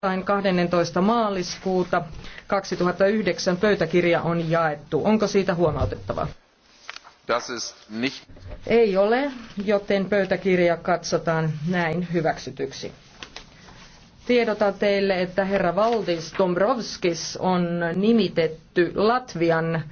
Tain 12. maaliskuuta 2009 pöytäkirja on jaettu. Onko siitä huomautettavaa? Nicht... Ei ole, joten pöytäkirja katsotaan näin hyväksytyksi. Tiedotan teille, että herra Valdis Dombrovskis on nimitetty Latvian